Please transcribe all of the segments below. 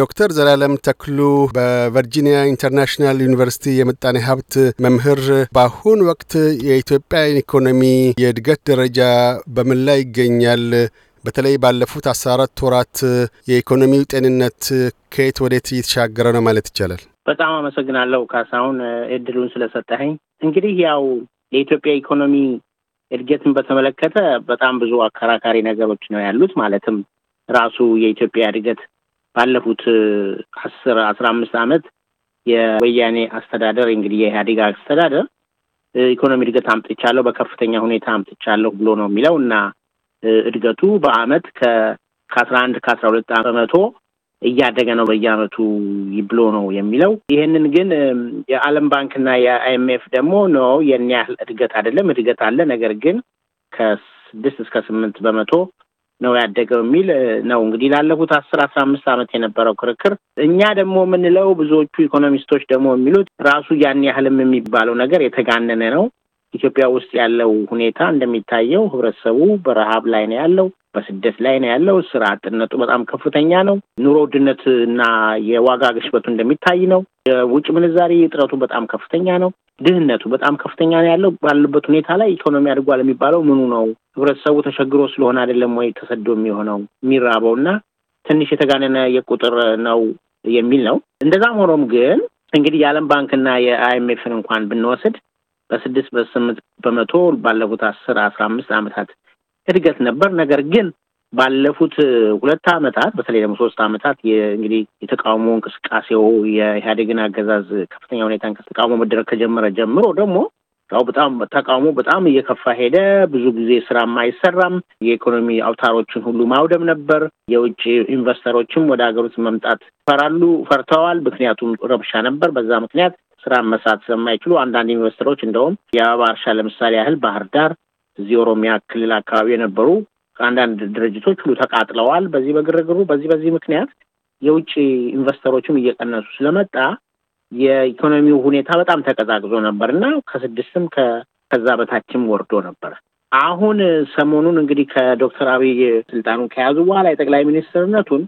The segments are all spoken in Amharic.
ዶክተር ዘላለም ተክሉ በቨርጂኒያ ኢንተርናሽናል ዩኒቨርሲቲ የምጣኔ ሀብት መምህር፣ በአሁን ወቅት የኢትዮጵያ ኢኮኖሚ የእድገት ደረጃ በምን ላይ ይገኛል? በተለይ ባለፉት አስራ አራት ወራት የኢኮኖሚው ጤንነት ከየት ወዴት እየተሻገረ ነው ማለት ይቻላል? በጣም አመሰግናለሁ ካሳሁን እድሉን ስለሰጠኸኝ። እንግዲህ ያው የኢትዮጵያ ኢኮኖሚ እድገትን በተመለከተ በጣም ብዙ አከራካሪ ነገሮች ነው ያሉት። ማለትም ራሱ የኢትዮጵያ እድገት ባለፉት አስር አስራ አምስት ዓመት የወያኔ አስተዳደር እንግዲህ የኢህአዴግ አስተዳደር ኢኮኖሚ እድገት አምጥቻለሁ በከፍተኛ ሁኔታ አምጥቻለሁ ብሎ ነው የሚለው እና እድገቱ በአመት ከአስራ አንድ ከአስራ ሁለት በመቶ እያደገ ነው በየአመቱ ብሎ ነው የሚለው። ይህንን ግን የዓለም ባንክና የአይኤምኤፍ ደግሞ ነው የኒያህል ያህል እድገት አይደለም፣ እድገት አለ፣ ነገር ግን ከስድስት እስከ ስምንት በመቶ ነው ያደገው የሚል ነው። እንግዲህ ላለፉት አስር አስራ አምስት ዓመት የነበረው ክርክር እኛ ደግሞ የምንለው ብዙዎቹ ኢኮኖሚስቶች ደግሞ የሚሉት ራሱ ያን ያህልም የሚባለው ነገር የተጋነነ ነው። ኢትዮጵያ ውስጥ ያለው ሁኔታ እንደሚታየው ህብረተሰቡ በረሃብ ላይ ነው ያለው፣ በስደት ላይ ነው ያለው። ስራ አጥነቱ በጣም ከፍተኛ ነው። ኑሮ ውድነት እና የዋጋ ግሽበቱ እንደሚታይ ነው። የውጭ ምንዛሪ እጥረቱ በጣም ከፍተኛ ነው። ድህነቱ በጣም ከፍተኛ ነው ያለው። ባለበት ሁኔታ ላይ ኢኮኖሚ አድጓል የሚባለው ምኑ ነው? ህብረተሰቡ ተቸግሮ ስለሆነ አይደለም ወይ ተሰዶ የሚሆነው የሚራበው እና ትንሽ የተጋነነ የቁጥር ነው የሚል ነው። እንደዛም ሆኖም ግን እንግዲህ የዓለም ባንክና የአይኤምኤፍን እንኳን ብንወስድ በስድስት በስምንት በመቶ ባለፉት አስር አስራ አምስት ዓመታት እድገት ነበር። ነገር ግን ባለፉት ሁለት ዓመታት በተለይ ደግሞ ሶስት ዓመታት እንግዲህ የተቃውሞ እንቅስቃሴው የኢህአዴግን አገዛዝ ከፍተኛ ሁኔታ ተቃውሞ መደረግ ከጀመረ ጀምሮ ደግሞ ያው በጣም ተቃውሞ በጣም እየከፋ ሄደ። ብዙ ጊዜ ስራም አይሰራም። የኢኮኖሚ አውታሮችን ሁሉ ማውደም ነበር። የውጭ ኢንቨስተሮችም ወደ ሀገር ውስጥ መምጣት ፈራሉ፣ ፈርተዋል። ምክንያቱም ረብሻ ነበር። በዛ ምክንያት ስራ መሳት ስለማይችሉ አንዳንድ ኢንቨስተሮች እንደውም የአበባ እርሻ ለምሳሌ ያህል ባህር ዳር እዚህ ኦሮሚያ ክልል አካባቢ የነበሩ አንዳንድ ድርጅቶች ሁሉ ተቃጥለዋል። በዚህ በግርግሩ በዚህ በዚህ ምክንያት የውጭ ኢንቨስተሮችም እየቀነሱ ስለመጣ የኢኮኖሚው ሁኔታ በጣም ተቀዛቅዞ ነበር እና ከስድስትም ከዛ በታችም ወርዶ ነበር። አሁን ሰሞኑን እንግዲህ ከዶክተር አብይ ስልጣኑን ከያዙ በኋላ የጠቅላይ ሚኒስትርነቱን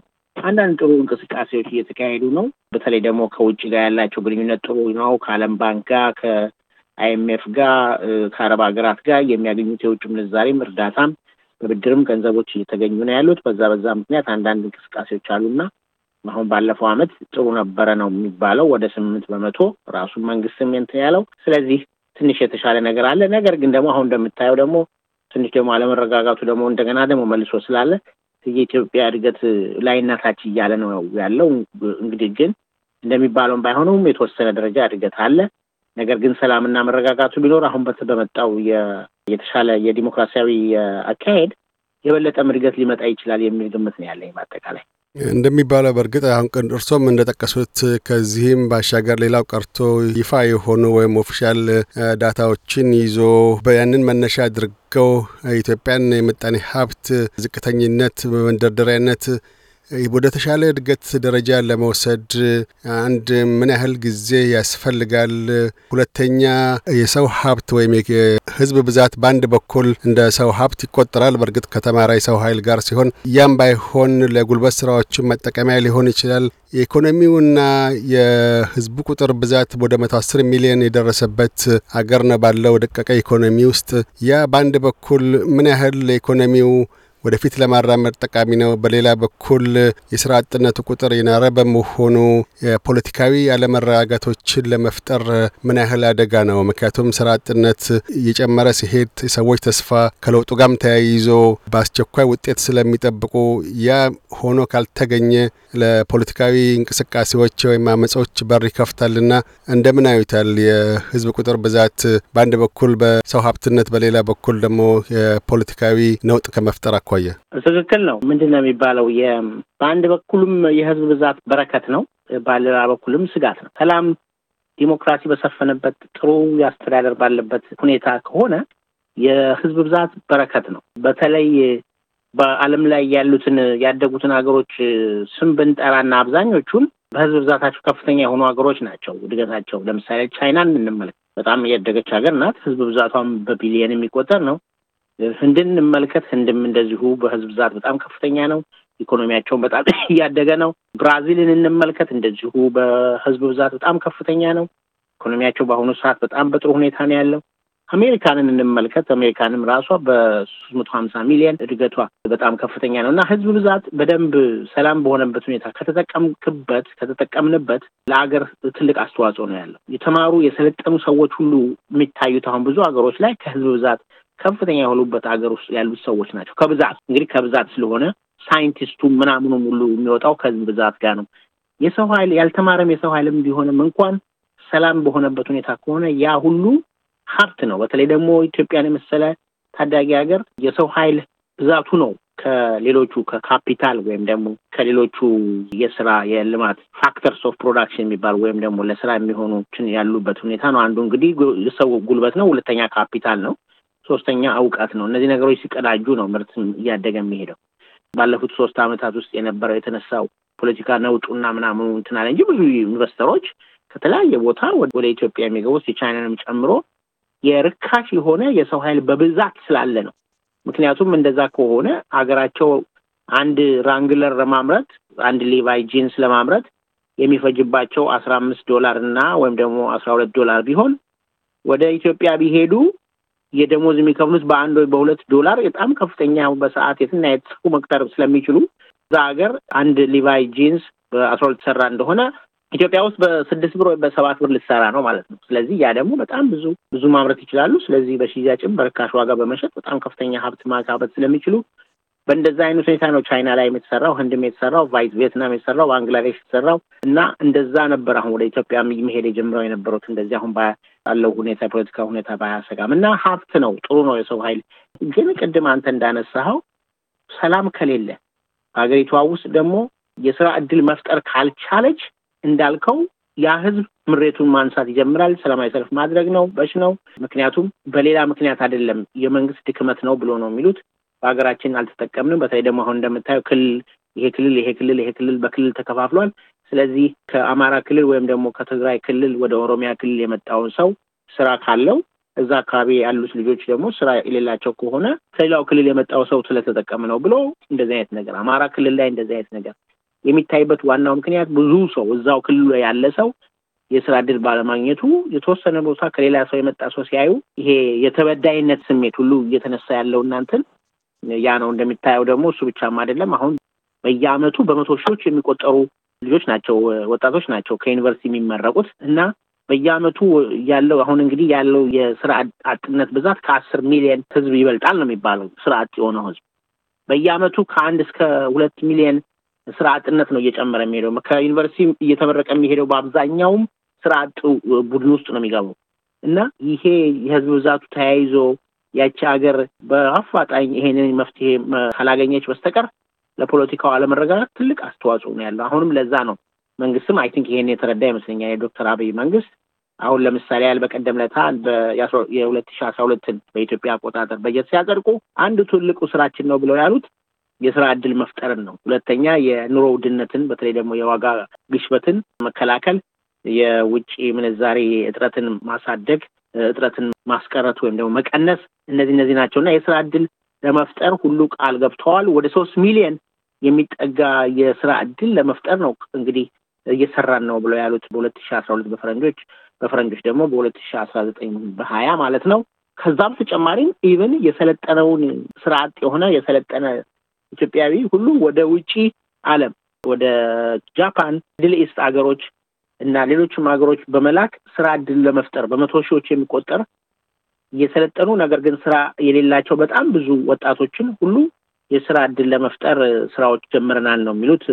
አንዳንድ ጥሩ እንቅስቃሴዎች እየተካሄዱ ነው። በተለይ ደግሞ ከውጭ ጋር ያላቸው ግንኙነት ጥሩ ነው። ከዓለም ባንክ ጋር፣ ከአይኤምኤፍ ጋር፣ ከአረብ ሀገራት ጋር የሚያገኙት የውጭ ምንዛሬም እርዳታም በብድርም ገንዘቦች እየተገኙ ነው ያሉት። በዛ በዛ ምክንያት አንዳንድ እንቅስቃሴዎች አሉና አሁን ባለፈው ዓመት ጥሩ ነበረ ነው የሚባለው ወደ ስምንት በመቶ ራሱን መንግስትም እንትን ያለው ስለዚህ ትንሽ የተሻለ ነገር አለ። ነገር ግን ደግሞ አሁን እንደምታየው ደግሞ ትንሽ ደግሞ አለመረጋጋቱ ደግሞ እንደገና ደግሞ መልሶ ስላለ የኢትዮጵያ እድገት ላይና ታች እያለ ነው ያለው። እንግዲህ ግን እንደሚባለውም ባይሆነውም የተወሰነ ደረጃ እድገት አለ። ነገር ግን ሰላምና መረጋጋቱ ቢኖር አሁን በመጣው የተሻለ የዲሞክራሲያዊ አካሄድ የበለጠም እድገት ሊመጣ ይችላል የሚል ግምት ነው ያለኝ በአጠቃላይ። እንደሚባለው በእርግጥ አሁን እርሶም እንደጠቀሱት ከዚህም ባሻገር ሌላው ቀርቶ ይፋ የሆኑ ወይም ኦፊሻል ዳታዎችን ይዞ በያንን መነሻ አድርገው ኢትዮጵያን የምጣኔ ሀብት ዝቅተኝነት በመንደርደሪያነት ወደ ተሻለ እድገት ደረጃ ለመውሰድ አንድ ምን ያህል ጊዜ ያስፈልጋል? ሁለተኛ የሰው ሀብት ወይም የህዝብ ብዛት በአንድ በኩል እንደ ሰው ሀብት ይቆጠራል፣ በእርግጥ ከተማራ የሰው ኃይል ጋር ሲሆን፣ ያም ባይሆን ለጉልበት ስራዎችን መጠቀሚያ ሊሆን ይችላል። የኢኮኖሚውና የህዝቡ ቁጥር ብዛት ወደ መቶ አስር ሚሊዮን የደረሰበት አገር ነው ባለው ደቀቀ ኢኮኖሚ ውስጥ ያ በአንድ በኩል ምን ያህል ለኢኮኖሚው ወደፊት ለማራመድ ጠቃሚ ነው። በሌላ በኩል የስራ አጥነቱ ቁጥር የናረ በመሆኑ የፖለቲካዊ አለመረጋጋቶችን ለመፍጠር ምን ያህል አደጋ ነው? ምክንያቱም ስራ አጥነት እየጨመረ ሲሄድ ሰዎች ተስፋ ከለውጡ ጋርም ተያይዞ በአስቸኳይ ውጤት ስለሚጠብቁ ያ ሆኖ ካልተገኘ ለፖለቲካዊ እንቅስቃሴዎች ወይም አመጾች በር ይከፍታልና እንደምን አዩታል? የህዝብ ቁጥር ብዛት በአንድ በኩል በሰው ሀብትነት፣ በሌላ በኩል ደግሞ የፖለቲካዊ ነውጥ ከመፍጠር አኳያ ትክክል ነው። ምንድን ነው የሚባለው? በአንድ በኩልም የህዝብ ብዛት በረከት ነው፣ በሌላ በኩልም ስጋት ነው። ሰላም ዲሞክራሲ በሰፈነበት ጥሩ የአስተዳደር ባለበት ሁኔታ ከሆነ የህዝብ ብዛት በረከት ነው። በተለይ በዓለም ላይ ያሉትን ያደጉትን ሀገሮች ስም ብንጠራና አብዛኞቹን በህዝብ ብዛታቸው ከፍተኛ የሆኑ ሀገሮች ናቸው። እድገታቸው ለምሳሌ ቻይናን እንመለከት። በጣም ያደገች ሀገር ናት። ህዝብ ብዛቷም በቢሊየን የሚቆጠር ነው። ህንድን እንመልከት። ህንድም እንደዚሁ በህዝብ ብዛት በጣም ከፍተኛ ነው። ኢኮኖሚያቸውን በጣም እያደገ ነው። ብራዚልን እንመልከት። እንደዚሁ በህዝብ ብዛት በጣም ከፍተኛ ነው። ኢኮኖሚያቸው በአሁኑ ሰዓት በጣም በጥሩ ሁኔታ ነው ያለው። አሜሪካንን እንመልከት። አሜሪካንም ራሷ በሶስት መቶ ሀምሳ ሚሊዮን እድገቷ በጣም ከፍተኛ ነው እና ህዝብ ብዛት በደንብ ሰላም በሆነበት ሁኔታ ከተጠቀምክበት ከተጠቀምንበት ለአገር ትልቅ አስተዋጽኦ ነው ያለው። የተማሩ የሰለጠኑ ሰዎች ሁሉ የሚታዩት አሁን ብዙ ሀገሮች ላይ ከህዝብ ብዛት ከፍተኛ የሆኑበት ሀገር ውስጥ ያሉት ሰዎች ናቸው። ከብዛት እንግዲህ ከብዛት ስለሆነ ሳይንቲስቱ ምናምኑ ሁሉ የሚወጣው ከዚህ ብዛት ጋር ነው። የሰው ኃይል ያልተማረም የሰው ኃይልም ቢሆንም እንኳን ሰላም በሆነበት ሁኔታ ከሆነ ያ ሁሉ ሀብት ነው። በተለይ ደግሞ ኢትዮጵያን የመሰለ ታዳጊ ሀገር የሰው ኃይል ብዛቱ ነው ከሌሎቹ ከካፒታል ወይም ደግሞ ከሌሎቹ የስራ የልማት ፋክተርስ ኦፍ ፕሮዳክሽን የሚባል ወይም ደግሞ ለስራ የሚሆኑችን ያሉበት ሁኔታ ነው። አንዱ እንግዲህ የሰው ጉልበት ነው። ሁለተኛ ካፒታል ነው። ሶስተኛ እውቀት ነው። እነዚህ ነገሮች ሲቀዳጁ ነው ምርት እያደገ የሚሄደው። ባለፉት ሶስት ዓመታት ውስጥ የነበረው የተነሳው ፖለቲካ ነውጡና ምናምኑ እንትን አለ እንጂ ብዙ ኢንቨስተሮች ከተለያየ ቦታ ወደ ኢትዮጵያ የሚገቡት የቻይናንም ጨምሮ የርካሽ የሆነ የሰው ኃይል በብዛት ስላለ ነው። ምክንያቱም እንደዛ ከሆነ አገራቸው አንድ ራንግለር ለማምረት አንድ ሊቫይ ጂንስ ለማምረት የሚፈጅባቸው አስራ አምስት ዶላር እና ወይም ደግሞ አስራ ሁለት ዶላር ቢሆን ወደ ኢትዮጵያ ቢሄዱ የደሞዝ የሚከፍሉት በአንድ ወይ በሁለት ዶላር በጣም ከፍተኛ በሰዓት የትና የተሰፉ መቅጠር ስለሚችሉ እዛ ሀገር አንድ ሊቫይ ጂንስ በአስራ ሁለት ሰራ እንደሆነ ኢትዮጵያ ውስጥ በስድስት ብር ወይም በሰባት ብር ልትሰራ ነው ማለት ነው። ስለዚህ ያ ደግሞ በጣም ብዙ ብዙ ማምረት ይችላሉ። ስለዚህ በሽያጭም በርካሽ ዋጋ በመሸጥ በጣም ከፍተኛ ሀብት ማካበት ስለሚችሉ በእንደዛ አይነት ሁኔታ ነው ቻይና ላይ የተሰራው፣ ህንድም የተሰራው፣ ቫይት ቪየትናም የተሰራው፣ ባንግላዴሽ የተሰራው እና እንደዛ ነበር አሁን ወደ ኢትዮጵያ መሄድ የጀምረው የነበሩት እንደዚህ አሁን ያለው ሁኔታ የፖለቲካ ሁኔታ ባያሰጋም እና ሀብት ነው ጥሩ ነው የሰው ኃይል ግን ቅድም አንተ እንዳነሳኸው ሰላም ከሌለ በሀገሪቷ ውስጥ ደግሞ የስራ እድል መፍጠር ካልቻለች እንዳልከው ያ ህዝብ ምሬቱን ማንሳት ይጀምራል። ሰላማዊ ሰልፍ ማድረግ ነው በሽ ነው። ምክንያቱም በሌላ ምክንያት አይደለም የመንግስት ድክመት ነው ብሎ ነው የሚሉት። በሀገራችን አልተጠቀምንም። በተለይ ደግሞ አሁን እንደምታየው ክልል ይሄ ክልል ይሄ ክልል ይሄ ክልል በክልል ተከፋፍሏል። ስለዚህ ከአማራ ክልል ወይም ደግሞ ከትግራይ ክልል ወደ ኦሮሚያ ክልል የመጣውን ሰው ስራ ካለው እዛ አካባቢ ያሉት ልጆች ደግሞ ስራ የሌላቸው ከሆነ ከሌላው ክልል የመጣው ሰው ስለተጠቀም ነው ብሎ እንደዚህ አይነት ነገር አማራ ክልል ላይ እንደዚህ አይነት ነገር የሚታይበት ዋናው ምክንያት ብዙ ሰው እዛው ክልሉ ያለ ሰው የስራ እድል ባለማግኘቱ የተወሰነ ቦታ ከሌላ ሰው የመጣ ሰው ሲያዩ ይሄ የተበዳይነት ስሜት ሁሉ እየተነሳ ያለው እናንትን ያ ነው። እንደሚታየው ደግሞ እሱ ብቻም አይደለም። አሁን በየአመቱ በመቶ ሺዎች የሚቆጠሩ ልጆች ናቸው፣ ወጣቶች ናቸው ከዩኒቨርሲቲ የሚመረቁት እና በየአመቱ ያለው አሁን እንግዲህ ያለው የስራ አጥነት ብዛት ከአስር ሚሊዮን ህዝብ ይበልጣል ነው የሚባለው። ስራ አጥ የሆነው ህዝብ በየአመቱ ከአንድ እስከ ሁለት ሚሊዮን ስራ አጥነት ነው እየጨመረ የሚሄደው። ከዩኒቨርሲቲ እየተመረቀ የሚሄደው በአብዛኛውም ስራ አጥ ቡድን ውስጥ ነው የሚገባው እና ይሄ የህዝብ ብዛቱ ተያይዞ ያቺ ሀገር በአፋጣኝ ይሄንን መፍትሄ ካላገኘች በስተቀር ለፖለቲካው አለመረጋጋት ትልቅ አስተዋጽኦ ነው ያለው። አሁንም ለዛ ነው መንግስትም አይ ቲንክ ይሄን የተረዳ ይመስለኛል የዶክተር አብይ መንግስት አሁን ለምሳሌ ያህል በቀደም ለታ የሁለት ሺ አስራ ሁለትን በኢትዮጵያ አቆጣጠር በጀት ሲያጸድቁ አንዱ ትልቁ ስራችን ነው ብለው ያሉት የስራ እድል መፍጠርን ነው። ሁለተኛ የኑሮ ውድነትን በተለይ ደግሞ የዋጋ ግሽበትን መከላከል፣ የውጭ ምንዛሬ እጥረትን ማሳደግ፣ እጥረትን ማስቀረት ወይም ደግሞ መቀነስ፣ እነዚህ እነዚህ ናቸው እና የስራ እድል ለመፍጠር ሁሉ ቃል ገብተዋል። ወደ ሶስት ሚሊዮን የሚጠጋ የስራ እድል ለመፍጠር ነው እንግዲህ እየሰራን ነው ብለው ያሉት በሁለት ሺ አስራ ሁለት በፈረንጆች በፈረንጆች ደግሞ በሁለት ሺ አስራ ዘጠኝ በሀያ ማለት ነው። ከዛም ተጨማሪም ኢቨን የሰለጠነውን ስራ አጥ የሆነ የሰለጠነ ኢትዮጵያዊ ሁሉ ወደ ውጪ ዓለም ወደ ጃፓን፣ ሚድል ኢስት ሀገሮች እና ሌሎችም ሀገሮች በመላክ ስራ እድል ለመፍጠር በመቶ ሺዎች የሚቆጠር የሰለጠኑ ነገር ግን ስራ የሌላቸው በጣም ብዙ ወጣቶችን ሁሉ የስራ እድል ለመፍጠር ስራዎች ጀምረናል ነው የሚሉት።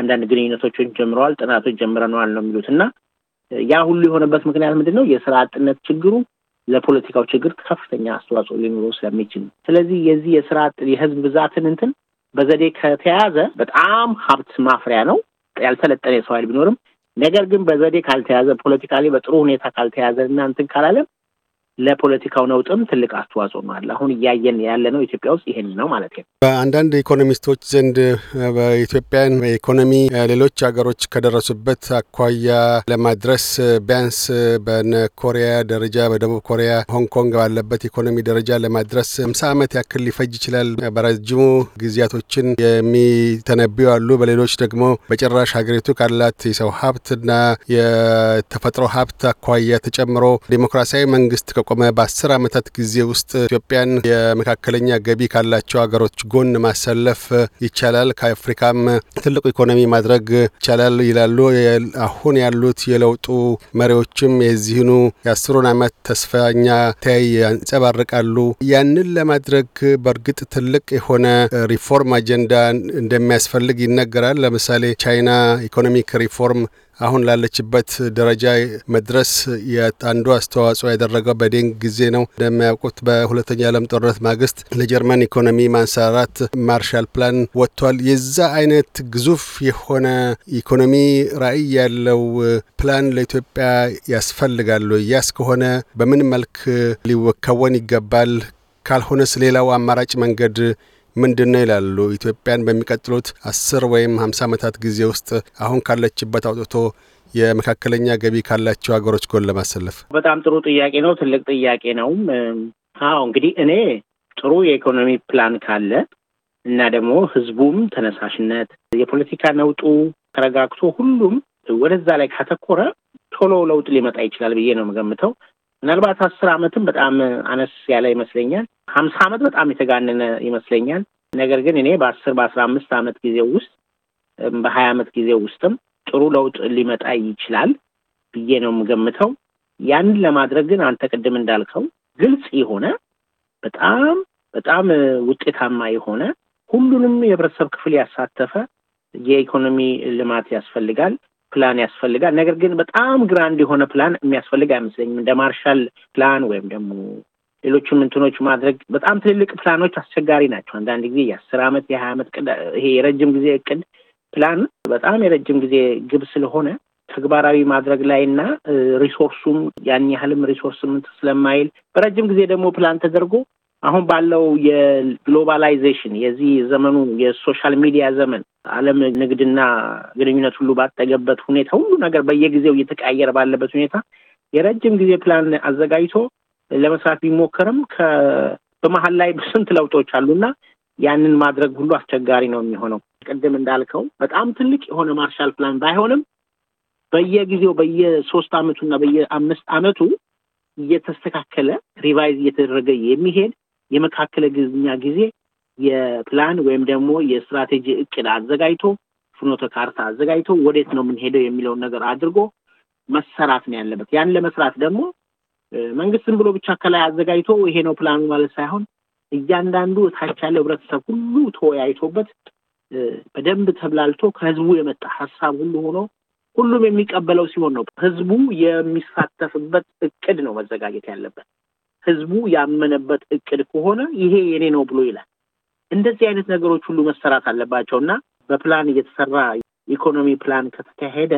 አንዳንድ ግንኙነቶችን ጀምረዋል፣ ጥናቶች ጀምረናል ነው የሚሉት እና ያ ሁሉ የሆነበት ምክንያት ምንድን ነው? የስራ አጥነት ችግሩ ለፖለቲካው ችግር ከፍተኛ አስተዋጽኦ ሊኖረው ስለሚችል ስለዚህ የዚህ የስራ የህዝብ ብዛትን እንትን በዘዴ ከተያዘ በጣም ሀብት ማፍሪያ ነው። ያልተለጠነ የሰው ኃይል ቢኖርም ነገር ግን በዘዴ ካልተያዘ ፖለቲካሊ በጥሩ ሁኔታ ካልተያዘ እና እንትን ካላለም ለፖለቲካው ነውጥም ትልቅ አስተዋጽኦ ነው አሁን እያየን ያለ ነው ኢትዮጵያ ውስጥ ይሄን ነው ማለት ነው። በአንዳንድ ኢኮኖሚስቶች ዘንድ በኢትዮጵያን በኢኮኖሚ ሌሎች ሀገሮች ከደረሱበት አኳያ ለማድረስ ቢያንስ በነ ኮሪያ ደረጃ በደቡብ ኮሪያ፣ ሆንግ ኮንግ ባለበት ኢኮኖሚ ደረጃ ለማድረስ ሃምሳ ዓመት ያክል ሊፈጅ ይችላል በረጅሙ ጊዜያቶችን የሚተነብዩ አሉ። በሌሎች ደግሞ በጭራሽ ሀገሪቱ ካላት የሰው ሀብትና የተፈጥሮ ሀብት አኳያ ተጨምሮ ዴሞክራሲያዊ መንግስት ከቆመ በአስር ዓመታት ጊዜ ውስጥ ኢትዮጵያን የመካከለኛ ገቢ ካላቸው ሀገሮች ጎን ማሰለፍ ይቻላል፣ ከአፍሪካም ትልቁ ኢኮኖሚ ማድረግ ይቻላል ይላሉ። አሁን ያሉት የለውጡ መሪዎችም የዚህኑ የአስሩን ዓመት ተስፋኛ ተያይ ያንጸባርቃሉ። ያንን ለማድረግ በእርግጥ ትልቅ የሆነ ሪፎርም አጀንዳ እንደሚያስፈልግ ይነገራል። ለምሳሌ ቻይና ኢኮኖሚክ ሪፎርም አሁን ላለችበት ደረጃ መድረስ አንዱ አስተዋጽኦ ያደረገው በዴንግ ጊዜ ነው። እንደሚያውቁት በሁለተኛ የዓለም ጦርነት ማግስት ለጀርመን ኢኮኖሚ ማንሰራራት ማርሻል ፕላን ወጥቷል። የዛ አይነት ግዙፍ የሆነ ኢኮኖሚ ራዕይ ያለው ፕላን ለኢትዮጵያ ያስፈልጋሉ። ያስ ከሆነ በምን መልክ ሊከወን ይገባል? ካልሆነስ ሌላው አማራጭ መንገድ ምንድን ነው ይላሉ? ኢትዮጵያን በሚቀጥሉት አስር ወይም ሀምሳ ዓመታት ጊዜ ውስጥ አሁን ካለችበት አውጥቶ የመካከለኛ ገቢ ካላቸው ሀገሮች ጎን ለማሰለፍ? በጣም ጥሩ ጥያቄ ነው። ትልቅ ጥያቄ ነው። አዎ እንግዲህ እኔ ጥሩ የኢኮኖሚ ፕላን ካለ እና ደግሞ ህዝቡም ተነሳሽነት የፖለቲካ ነውጡ ተረጋግቶ ሁሉም ወደዛ ላይ ካተኮረ ቶሎ ለውጥ ሊመጣ ይችላል ብዬ ነው የምገምተው። ምናልባት አስር ዓመትም በጣም አነስ ያለ ይመስለኛል። ሀምሳ ዓመት በጣም የተጋነነ ይመስለኛል። ነገር ግን እኔ በአስር በአስራ አምስት ዓመት ጊዜ ውስጥ በሀያ ዓመት ጊዜ ውስጥም ጥሩ ለውጥ ሊመጣ ይችላል ብዬ ነው የምገምተው። ያንን ለማድረግ ግን አንተ ቅድም እንዳልከው ግልጽ የሆነ በጣም በጣም ውጤታማ የሆነ ሁሉንም የህብረተሰብ ክፍል ያሳተፈ የኢኮኖሚ ልማት ያስፈልጋል። ፕላን ያስፈልጋል። ነገር ግን በጣም ግራንድ የሆነ ፕላን የሚያስፈልግ አይመስለኝም። እንደ ማርሻል ፕላን ወይም ደግሞ ሌሎቹም እንትኖች ማድረግ በጣም ትልልቅ ፕላኖች አስቸጋሪ ናቸው። አንዳንድ ጊዜ የአስር ዓመት የሀያ ዓመት ይሄ የረጅም ጊዜ እቅድ ፕላን በጣም የረጅም ጊዜ ግብ ስለሆነ ተግባራዊ ማድረግ ላይ እና ሪሶርሱም ያን ያህልም ሪሶርስ ስለማይል በረጅም ጊዜ ደግሞ ፕላን ተደርጎ አሁን ባለው የግሎባላይዜሽን የዚህ ዘመኑ የሶሻል ሚዲያ ዘመን ዓለም ንግድና ግንኙነት ሁሉ ባጠገበት ሁኔታ ሁሉ ነገር በየጊዜው እየተቀያየረ ባለበት ሁኔታ የረጅም ጊዜ ፕላን አዘጋጅቶ ለመስራት ቢሞከርም በመሀል ላይ ስንት ለውጦች አሉና ያንን ማድረግ ሁሉ አስቸጋሪ ነው የሚሆነው። ቅድም እንዳልከው በጣም ትልቅ የሆነ ማርሻል ፕላን ባይሆንም በየጊዜው በየሶስት አመቱና በየአምስት አመቱ እየተስተካከለ ሪቫይዝ እየተደረገ የሚሄድ የመካከለኛ ጊዜ የፕላን ወይም ደግሞ የስትራቴጂ እቅድ አዘጋጅቶ ፍኖተ ካርታ አዘጋጅቶ ወዴት ነው የምንሄደው የሚለውን ነገር አድርጎ መሰራት ነው ያለበት። ያን ለመስራት ደግሞ መንግስትን ብሎ ብቻ ከላይ አዘጋጅቶ ይሄ ነው ፕላኑ ማለት ሳይሆን እያንዳንዱ እታች ያለ ህብረተሰብ ሁሉ ተወያይቶበት በደንብ ተብላልቶ ከህዝቡ የመጣ ሀሳብ ሁሉ ሆኖ ሁሉም የሚቀበለው ሲሆን ነው ህዝቡ የሚሳተፍበት እቅድ ነው መዘጋጀት ያለበት። ህዝቡ ያመነበት እቅድ ከሆነ ይሄ የኔ ነው ብሎ ይላል። እንደዚህ አይነት ነገሮች ሁሉ መሰራት አለባቸው እና በፕላን እየተሰራ ኢኮኖሚ ፕላን ከተካሄደ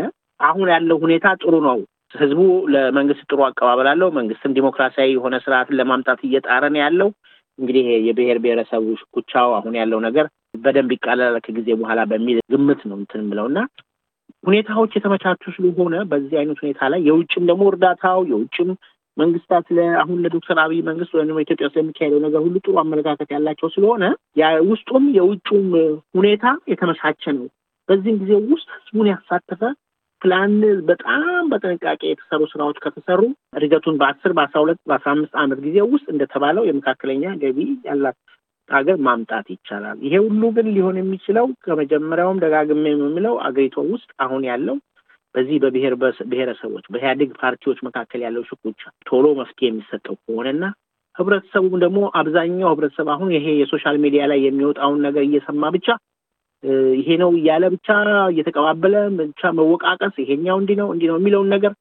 አሁን ያለው ሁኔታ ጥሩ ነው። ህዝቡ ለመንግስት ጥሩ አቀባበል አለው። መንግስትም ዲሞክራሲያዊ የሆነ ስርዓትን ለማምጣት እየጣረ ነው ያለው። እንግዲህ የብሔር ብሔረሰቡ ሽኩቻው አሁን ያለው ነገር በደንብ ይቃለላል ከጊዜ በኋላ በሚል ግምት ነው እንትን ብለው እና ሁኔታዎች የተመቻቹ ስለሆነ በዚህ አይነት ሁኔታ ላይ የውጭም ደግሞ እርዳታው የውጭም መንግስታት አሁን ለዶክተር አብይ መንግስት ወይም ደግሞ ኢትዮጵያ ውስጥ የሚካሄደው ነገር ሁሉ ጥሩ አመለካከት ያላቸው ስለሆነ ውስጡም የውጩም ሁኔታ የተመሳቸ ነው። በዚህም ጊዜ ውስጥ ህዝቡን ያሳተፈ ፕላን በጣም በጥንቃቄ የተሰሩ ስራዎች ከተሰሩ እድገቱን በአስር በአስራ ሁለት በአስራ አምስት አመት ጊዜ ውስጥ እንደተባለው የመካከለኛ ገቢ ያላት ሀገር ማምጣት ይቻላል። ይሄ ሁሉ ግን ሊሆን የሚችለው ከመጀመሪያውም ደጋግሜ የምምለው አገሪቷ ውስጥ አሁን ያለው በዚህ በብሔር ብሔረሰቦች በኢህአዴግ ፓርቲዎች መካከል ያለው ሽኩቻ ቶሎ መፍትሄ የሚሰጠው ከሆነና ህብረተሰቡም ደግሞ አብዛኛው ህብረተሰብ አሁን ይሄ የሶሻል ሚዲያ ላይ የሚወጣውን ነገር እየሰማ ብቻ ይሄ ነው እያለ ብቻ እየተቀባበለ ብቻ መወቃቀስ ይሄኛው እንዲ ነው እንዲ ነው የሚለውን ነገር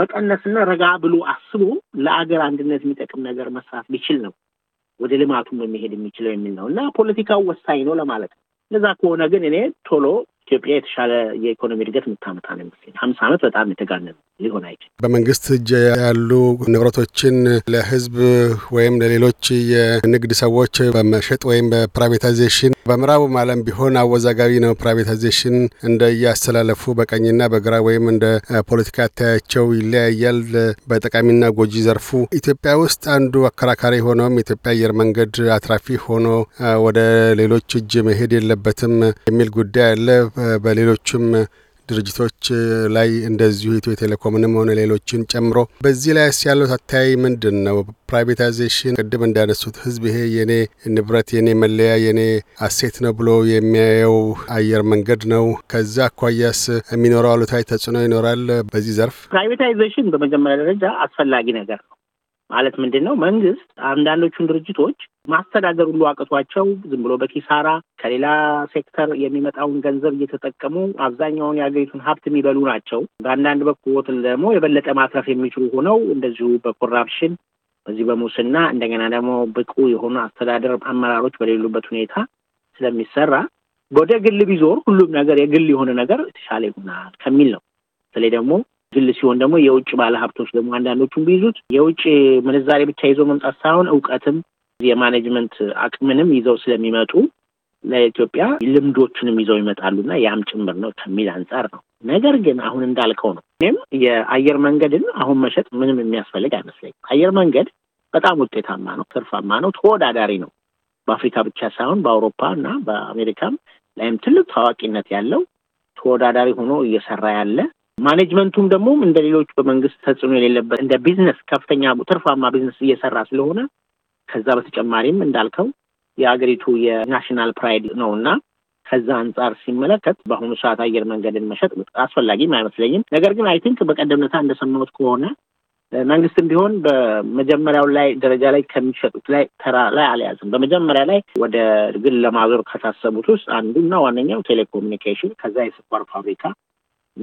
መቀነስና ረጋ ብሎ አስቦ ለአገር አንድነት የሚጠቅም ነገር መስራት ቢችል ነው ወደ ልማቱም የሚሄድ የሚችለው የሚል ነው እና ፖለቲካው ወሳኝ ነው ለማለት ነው። እንደዛ ከሆነ ግን እኔ ቶሎ ኢትዮጵያ የተሻለ የኢኮኖሚ እድገት የምታመጣ ነው ይመስለኝ። ሀምሳ ዓመት በጣም የተጋነነ ሊሆን አይችል። በመንግስት እጅ ያሉ ንብረቶችን ለህዝብ ወይም ለሌሎች የንግድ ሰዎች በመሸጥ ወይም በፕራይቬታይዜሽን በምዕራቡም ዓለም ቢሆን አወዛጋቢ ነው። ፕራይቬታይዜሽን እያስተላለፉ በቀኝና በግራ ወይም እንደ ፖለቲካ አታያቸው ይለያያል። በጠቃሚና ጎጂ ዘርፉ ኢትዮጵያ ውስጥ አንዱ አከራካሪ ሆነውም የኢትዮጵያ አየር መንገድ አትራፊ ሆኖ ወደ ሌሎች እጅ መሄድ የለበትም የሚል ጉዳይ አለ። በሌሎችም ድርጅቶች ላይ እንደዚሁ ኢትዮ ቴሌኮምንም ሆነ ሌሎችን ጨምሮ በዚህ ላይ ያለው አታይ ምንድን ነው? ፕራይቬታይዜሽን ቅድም እንዳነሱት ህዝብ ይሄ የኔ ንብረት፣ የኔ መለያ፣ የኔ አሴት ነው ብሎ የሚያየው አየር መንገድ ነው። ከዛ አኳያስ የሚኖረው አሉታዊ ተጽዕኖ ይኖራል። በዚህ ዘርፍ ፕራይቬታይዜሽን በመጀመሪያ ደረጃ አስፈላጊ ነገር ነው። ማለት ምንድን ነው? መንግስት አንዳንዶቹን ድርጅቶች ማስተዳደር ሁሉ አቅቷቸው ዝም ብሎ በኪሳራ ከሌላ ሴክተር የሚመጣውን ገንዘብ እየተጠቀሙ አብዛኛውን የሀገሪቱን ሀብት የሚበሉ ናቸው። በአንዳንድ በኩቦትን ደግሞ የበለጠ ማትረፍ የሚችሉ ሆነው እንደዚሁ በኮራፕሽን በዚህ በሙስና እንደገና ደግሞ ብቁ የሆኑ አስተዳደር አመራሮች በሌሉበት ሁኔታ ስለሚሰራ ወደ ግል ቢዞር ሁሉም ነገር የግል የሆነ ነገር የተሻለ ይሆናል ከሚል ነው። በተለይ ደግሞ ግል ሲሆን ደግሞ የውጭ ባለሀብቶች ደግሞ አንዳንዶቹም ቢይዙት የውጭ ምንዛሬ ብቻ ይዞ መምጣት ሳይሆን እውቀትም የማኔጅመንት አቅምንም ይዘው ስለሚመጡ ለኢትዮጵያ ልምዶችንም ይዘው ይመጣሉ እና ያም ጭምር ነው ከሚል አንጻር ነው። ነገር ግን አሁን እንዳልከው ነው። እኔም የአየር መንገድን አሁን መሸጥ ምንም የሚያስፈልግ አይመስለኝም። አየር መንገድ በጣም ውጤታማ ነው፣ ትርፋማ ነው፣ ተወዳዳሪ ነው። በአፍሪካ ብቻ ሳይሆን በአውሮፓ እና በአሜሪካም ላይም ትልቅ ታዋቂነት ያለው ተወዳዳሪ ሆኖ እየሰራ ያለ ማኔጅመንቱም ደግሞ እንደ ሌሎች በመንግስት ተጽዕኖ የሌለበት እንደ ቢዝነስ ከፍተኛ ትርፋማ ቢዝነስ እየሰራ ስለሆነ ከዛ በተጨማሪም እንዳልከው የአገሪቱ የናሽናል ፕራይድ ነው እና ከዛ አንጻር ሲመለከት በአሁኑ ሰዓት አየር መንገድን መሸጥ አስፈላጊም አይመስለኝም። ነገር ግን አይ ቲንክ በቀደምነታ እንደሰማሁት ከሆነ መንግስትም ቢሆን በመጀመሪያው ላይ ደረጃ ላይ ከሚሸጡት ላይ ተራ ላይ አልያዝም። በመጀመሪያ ላይ ወደ ግል ለማዞር ከታሰቡት ውስጥ አንዱና ዋነኛው ቴሌኮሙኒኬሽን፣ ከዛ የስኳር ፋብሪካ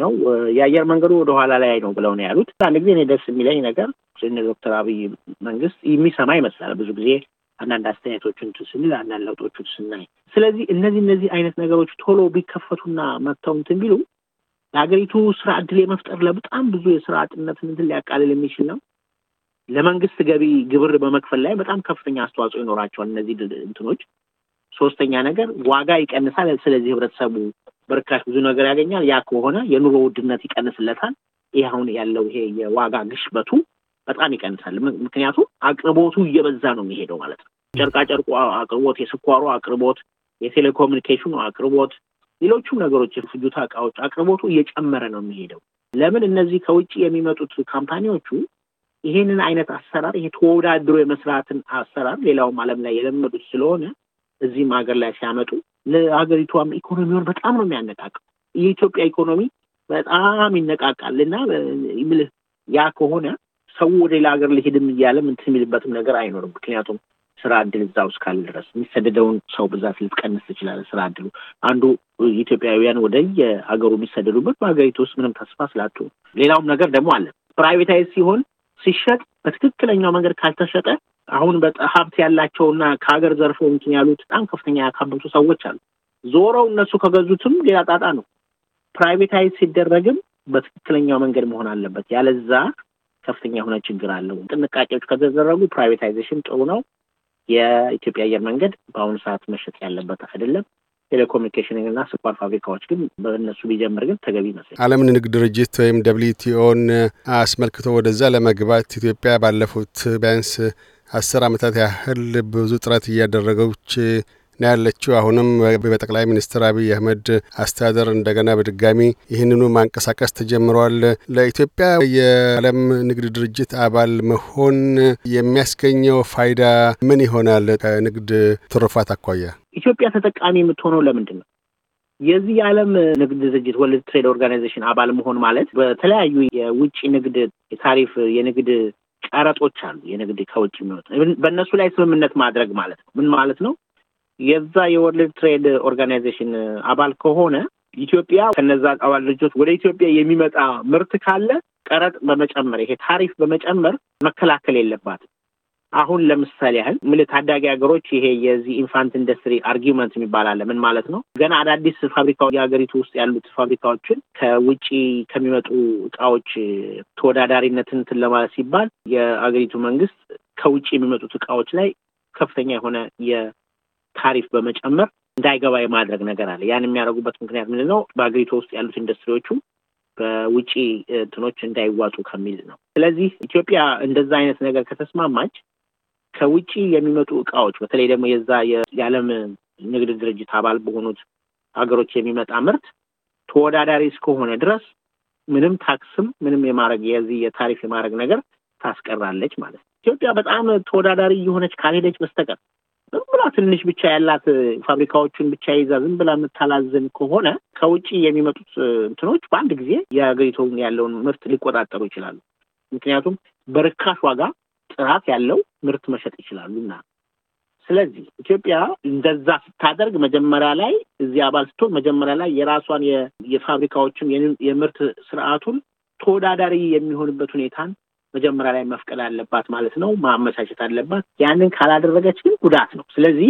ነው የአየር መንገዱ ወደ ኋላ ላይ ነው ብለው ነው ያሉት። አንድ ጊዜ እኔ ደስ የሚለኝ ነገር ዶክተር አብይ መንግስት የሚሰማ ይመስላል ብዙ ጊዜ አንዳንድ አስተያየቶችን ስንል አንዳንድ ለውጦችን ስናይ፣ ስለዚህ እነዚህ እነዚህ አይነት ነገሮች ቶሎ ቢከፈቱና መጥተው እንትን ቢሉ ለሀገሪቱ ስራ እድል የመፍጠር ለበጣም ብዙ የስራ አጥነት እንትን ሊያቃልል የሚችል ነው። ለመንግስት ገቢ ግብር በመክፈል ላይ በጣም ከፍተኛ አስተዋጽኦ ይኖራቸዋል እነዚህ እንትኖች። ሶስተኛ ነገር ዋጋ ይቀንሳል። ስለዚህ ህብረተሰቡ በርካሽ ብዙ ነገር ያገኛል። ያ ከሆነ የኑሮ ውድነት ይቀንስለታል። ይህ አሁን ያለው ይሄ የዋጋ ግሽበቱ በጣም ይቀንሳል። ምክንያቱም አቅርቦቱ እየበዛ ነው የሚሄደው ማለት ነው። ጨርቃጨርቁ አቅርቦት፣ የስኳሩ አቅርቦት፣ የቴሌኮሙኒኬሽኑ አቅርቦት፣ ሌሎቹም ነገሮች የፍጁታ እቃዎች አቅርቦቱ እየጨመረ ነው የሚሄደው። ለምን እነዚህ ከውጭ የሚመጡት ካምፓኒዎቹ ይሄንን አይነት አሰራር ይሄ ተወዳድሮ የመስራትን አሰራር ሌላውም ዓለም ላይ የለመዱት ስለሆነ እዚህም ሀገር ላይ ሲያመጡ ለሀገሪቷም ኢኮኖሚውን በጣም ነው የሚያነቃቀው። የኢትዮጵያ ኢኮኖሚ በጣም ይነቃቃል እና ምልህ ያ ከሆነ ሰው ወደ ሌላ ሀገር ሊሄድም እያለ እንትን የሚልበትም ነገር አይኖርም። ምክንያቱም ስራ እድል እዛ ውስጥ ካለ ድረስ የሚሰደደውን ሰው ብዛት ልትቀንስ ትችላለህ። ስራ እድሉ አንዱ ኢትዮጵያውያን ወደ የሀገሩ የሚሰደዱበት በሀገሪቱ ውስጥ ምንም ተስፋ ስላቱ። ሌላውም ነገር ደግሞ አለ ፕራይቬታይዝ ሲሆን ሲሸጥ በትክክለኛው መንገድ ካልተሸጠ አሁን ሀብት ያላቸውና ከሀገር ዘርፎ እንትን ያሉት በጣም ከፍተኛ ያካበቱ ሰዎች አሉ። ዞረው እነሱ ከገዙትም ሌላ ጣጣ ነው። ፕራይቬታይዝ ሲደረግም በትክክለኛው መንገድ መሆን አለበት። ያለዛ ከፍተኛ የሆነ ችግር አለው። ጥንቃቄዎች ከተደረጉ ፕራይቬታይዜሽን ጥሩ ነው። የኢትዮጵያ አየር መንገድ በአሁኑ ሰዓት መሸጥ ያለበት አይደለም። ቴሌኮሙኒኬሽንና ስኳር ፋብሪካዎች ግን በእነሱ ቢጀምር ግን ተገቢ ይመስለኛል። ዓለም ንግድ ድርጅት ወይም ደብሊው አስመልክቶ ወደዛ ለመግባት ኢትዮጵያ ባለፉት ቢያንስ አስር ዓመታት ያህል ብዙ ጥረት እያደረገች ነው ያለችው። አሁንም በጠቅላይ ሚኒስትር አብይ አህመድ አስተዳደር እንደገና በድጋሚ ይህንኑ ማንቀሳቀስ ተጀምሯል። ለኢትዮጵያ የዓለም ንግድ ድርጅት አባል መሆን የሚያስገኘው ፋይዳ ምን ይሆናል? ከንግድ ትሩፋት አኳያ ኢትዮጵያ ተጠቃሚ የምትሆነው ለምንድን ነው? የዚህ የዓለም ንግድ ድርጅት ወርልድ ትሬድ ኦርጋናይዜሽን አባል መሆን ማለት በተለያዩ የውጭ ንግድ የታሪፍ የንግድ ቀረጦች አሉ። የንግድ ከውጭ የሚወጡ በእነሱ ላይ ስምምነት ማድረግ ማለት ነው። ምን ማለት ነው? የዛ የወርልድ ትሬድ ኦርጋናይዜሽን አባል ከሆነ ኢትዮጵያ ከነዛ አባል ድርጅቶች ወደ ኢትዮጵያ የሚመጣ ምርት ካለ ቀረጥ በመጨመር ይሄ ታሪፍ በመጨመር መከላከል የለባትም። አሁን ለምሳሌ ያህል ምል ታዳጊ ሀገሮች ይሄ የዚህ ኢንፋንት ኢንዱስትሪ አርጊመንት የሚባል አለ። ምን ማለት ነው? ገና አዳዲስ ፋብሪካዎች የሀገሪቱ ውስጥ ያሉት ፋብሪካዎችን ከውጪ ከሚመጡ እቃዎች ተወዳዳሪነትን እንትን ለማለት ሲባል የአገሪቱ መንግስት ከውጭ የሚመጡት እቃዎች ላይ ከፍተኛ የሆነ የታሪፍ በመጨመር እንዳይገባ የማድረግ ነገር አለ። ያን የሚያደርጉበት ምክንያት ምንድን ነው? በሀገሪቱ ውስጥ ያሉት ኢንዱስትሪዎቹ በውጪ እንትኖች እንዳይዋጡ ከሚል ነው። ስለዚህ ኢትዮጵያ እንደዛ አይነት ነገር ከተስማማች ከውጭ የሚመጡ እቃዎች በተለይ ደግሞ የዛ የዓለም ንግድ ድርጅት አባል በሆኑት ሀገሮች የሚመጣ ምርት ተወዳዳሪ እስከሆነ ድረስ ምንም ታክስም ምንም የማድረግ የዚህ የታሪፍ የማድረግ ነገር ታስቀራለች ማለት ነው። ኢትዮጵያ በጣም ተወዳዳሪ የሆነች ካልሄደች በስተቀር ዝም ብላ ትንሽ ብቻ ያላት ፋብሪካዎቹን ብቻ ይዛ ዝም ብላ የምታላዝን ከሆነ ከውጭ የሚመጡት እንትኖች በአንድ ጊዜ የሀገሪቱን ያለውን ምርት ሊቆጣጠሩ ይችላሉ። ምክንያቱም በርካሽ ዋጋ ጥራት ያለው ምርት መሸጥ ይችላሉና። ስለዚህ ኢትዮጵያ እንደዛ ስታደርግ መጀመሪያ ላይ እዚህ አባል ስትሆን መጀመሪያ ላይ የራሷን የፋብሪካዎችን የምርት ስርዓቱን ተወዳዳሪ የሚሆንበት ሁኔታን መጀመሪያ ላይ መፍቀድ አለባት ማለት ነው፣ ማመቻቸት አለባት። ያንን ካላደረገች ግን ጉዳት ነው። ስለዚህ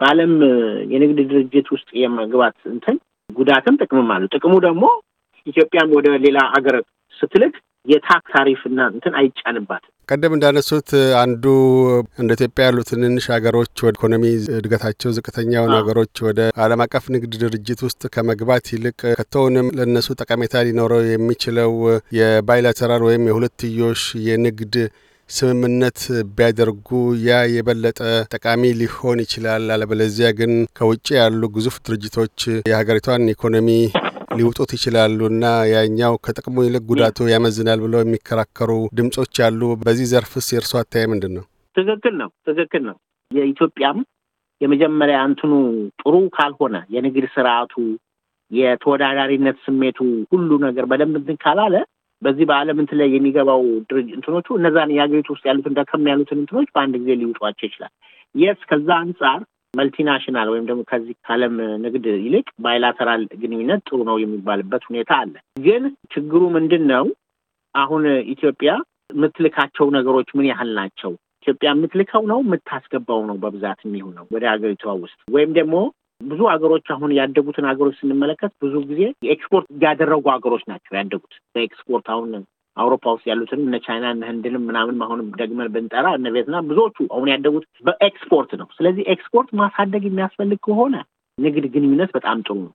በአለም የንግድ ድርጅት ውስጥ የመግባት እንትን ጉዳትም ጥቅምም አለ ጥቅሙ ደግሞ ኢትዮጵያም ወደ ሌላ ሀገር ስትልክ የታክስ ታሪፍና እንትን አይጫንባትም። ቀደም እንዳነሱት አንዱ እንደ ኢትዮጵያ ያሉ ትንንሽ ሀገሮች ወደ ኢኮኖሚ እድገታቸው ዝቅተኛ የሆኑ ሀገሮች ወደ ዓለም አቀፍ ንግድ ድርጅት ውስጥ ከመግባት ይልቅ ከቶውንም ለእነሱ ጠቀሜታ ሊኖረው የሚችለው የባይላተራል ወይም የሁለትዮሽ የንግድ ስምምነት ቢያደርጉ ያ የበለጠ ጠቃሚ ሊሆን ይችላል። አለበለዚያ ግን ከውጭ ያሉ ግዙፍ ድርጅቶች የሀገሪቷን ኢኮኖሚ ሊውጡት ይችላሉ እና ያኛው ከጥቅሙ ይልቅ ጉዳቱ ያመዝናል ብለው የሚከራከሩ ድምጾች አሉ። በዚህ ዘርፍስ የእርሶ አታይ ምንድን ነው? ትክክል ነው፣ ትክክል ነው። የኢትዮጵያም የመጀመሪያ እንትኑ ጥሩ ካልሆነ የንግድ ስርዓቱ የተወዳዳሪነት ስሜቱ ሁሉ ነገር በደንብ እንትን ካላለ በዚህ በዓለም እንትን ላይ የሚገባው ድርጅ እንትኖቹ እነዛን የሀገሪቱ ውስጥ ያሉትን ደከም ያሉትን እንትኖች በአንድ ጊዜ ሊውጧቸው ይችላል። የስ ከዛ አንጻር መልቲናሽናል ወይም ደግሞ ከዚህ ከዓለም ንግድ ይልቅ ባይላተራል ግንኙነት ጥሩ ነው የሚባልበት ሁኔታ አለ። ግን ችግሩ ምንድን ነው? አሁን ኢትዮጵያ የምትልካቸው ነገሮች ምን ያህል ናቸው? ኢትዮጵያ የምትልከው ነው የምታስገባው ነው በብዛት የሚሆነው ወደ ሀገሪቷ ውስጥ ወይም ደግሞ ብዙ ሀገሮች አሁን ያደጉትን ሀገሮች ስንመለከት ብዙ ጊዜ ኤክስፖርት ያደረጉ ሀገሮች ናቸው ያደጉት በኤክስፖርት አሁን አውሮፓ ውስጥ ያሉትን እነ ቻይና እነ ህንድንም ምናምን አሁን ደግመን ብንጠራ እነ ቪየትናም ብዙዎቹ አሁን ያደጉት በኤክስፖርት ነው። ስለዚህ ኤክስፖርት ማሳደግ የሚያስፈልግ ከሆነ ንግድ ግንኙነት በጣም ጥሩ ነው።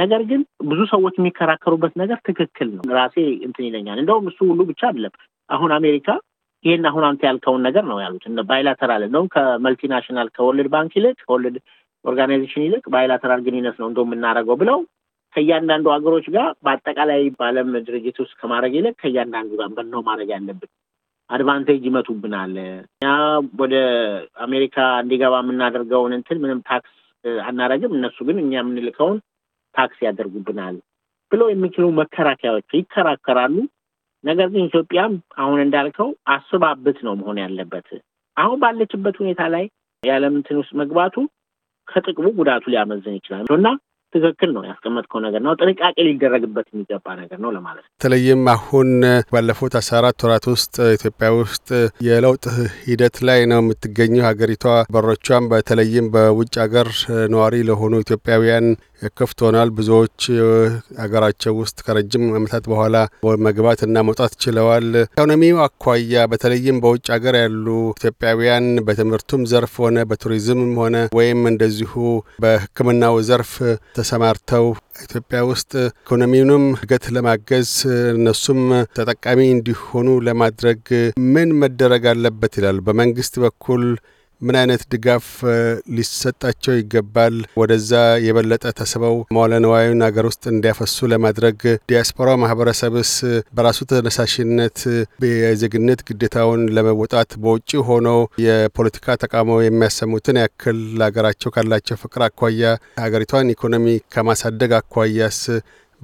ነገር ግን ብዙ ሰዎች የሚከራከሩበት ነገር ትክክል ነው። ራሴ እንትን ይለኛል። እንደውም እሱ ሁሉ ብቻ አይደለም። አሁን አሜሪካ ይሄን አሁን አንተ ያልከውን ነገር ነው ያሉት እ ባይላተራል እንደውም ከመልቲናሽናል ከወርልድ ባንክ ይልቅ ከወርልድ ኦርጋናይዜሽን ይልቅ ባይላተራል ግንኙነት ነው እንደ የምናደርገው ብለው ከእያንዳንዱ ሀገሮች ጋር በአጠቃላይ በዓለም ድርጅት ውስጥ ከማድረግ ይልቅ ከእያንዳንዱ ጋር ነው ማድረግ ያለብን። አድቫንቴጅ ይመቱብናል። እኛ ወደ አሜሪካ እንዲገባ የምናደርገውን እንትን ምንም ታክስ አናረግም፣ እነሱ ግን እኛ የምንልከውን ታክስ ያደርጉብናል ብሎ የሚችሉ መከራከያዎች ይከራከራሉ። ነገር ግን ኢትዮጵያም አሁን እንዳልከው አስባብት ነው መሆን ያለበት። አሁን ባለችበት ሁኔታ ላይ ያለምንትን ውስጥ መግባቱ ከጥቅሙ ጉዳቱ ሊያመዝን ይችላል እና ትክክል ነው ያስቀመጥከው ነገር ነው። ጥንቃቄ ሊደረግበት የሚገባ ነገር ነው ለማለት ነው። በተለይም አሁን ባለፉት አስራ አራት ወራት ውስጥ ኢትዮጵያ ውስጥ የለውጥ ሂደት ላይ ነው የምትገኘው ሀገሪቷ። በሮቿም በተለይም በውጭ ሀገር ነዋሪ ለሆኑ ኢትዮጵያውያን ከፍቶናል። ብዙዎች ሀገራቸው ውስጥ ከረጅም ዓመታት በኋላ መግባት እና መውጣት ችለዋል። ኢኮኖሚው አኳያ በተለይም በውጭ ሀገር ያሉ ኢትዮጵያውያን በትምህርቱም ዘርፍ ሆነ በቱሪዝምም ሆነ ወይም እንደዚሁ በሕክምናው ዘርፍ ተሰማርተው ኢትዮጵያ ውስጥ ኢኮኖሚውንም እድገት ለማገዝ እነሱም ተጠቃሚ እንዲሆኑ ለማድረግ ምን መደረግ አለበት ይላሉ በመንግስት በኩል ምን አይነት ድጋፍ ሊሰጣቸው ይገባል? ወደዛ የበለጠ ተስበው መዋለ ንዋዩን ውስጥ እንዲያፈሱ ለማድረግ ዲያስፖራ ማህበረሰብስ በራሱ ተነሳሽነት የዜግነት ግዴታውን ለመወጣት በውጭ ሆኖ የፖለቲካ ተቃውሞ የሚያሰሙትን ያክል ለሀገራቸው ካላቸው ፍቅር አኳያ ሀገሪቷን ኢኮኖሚ ከማሳደግ አኳያስ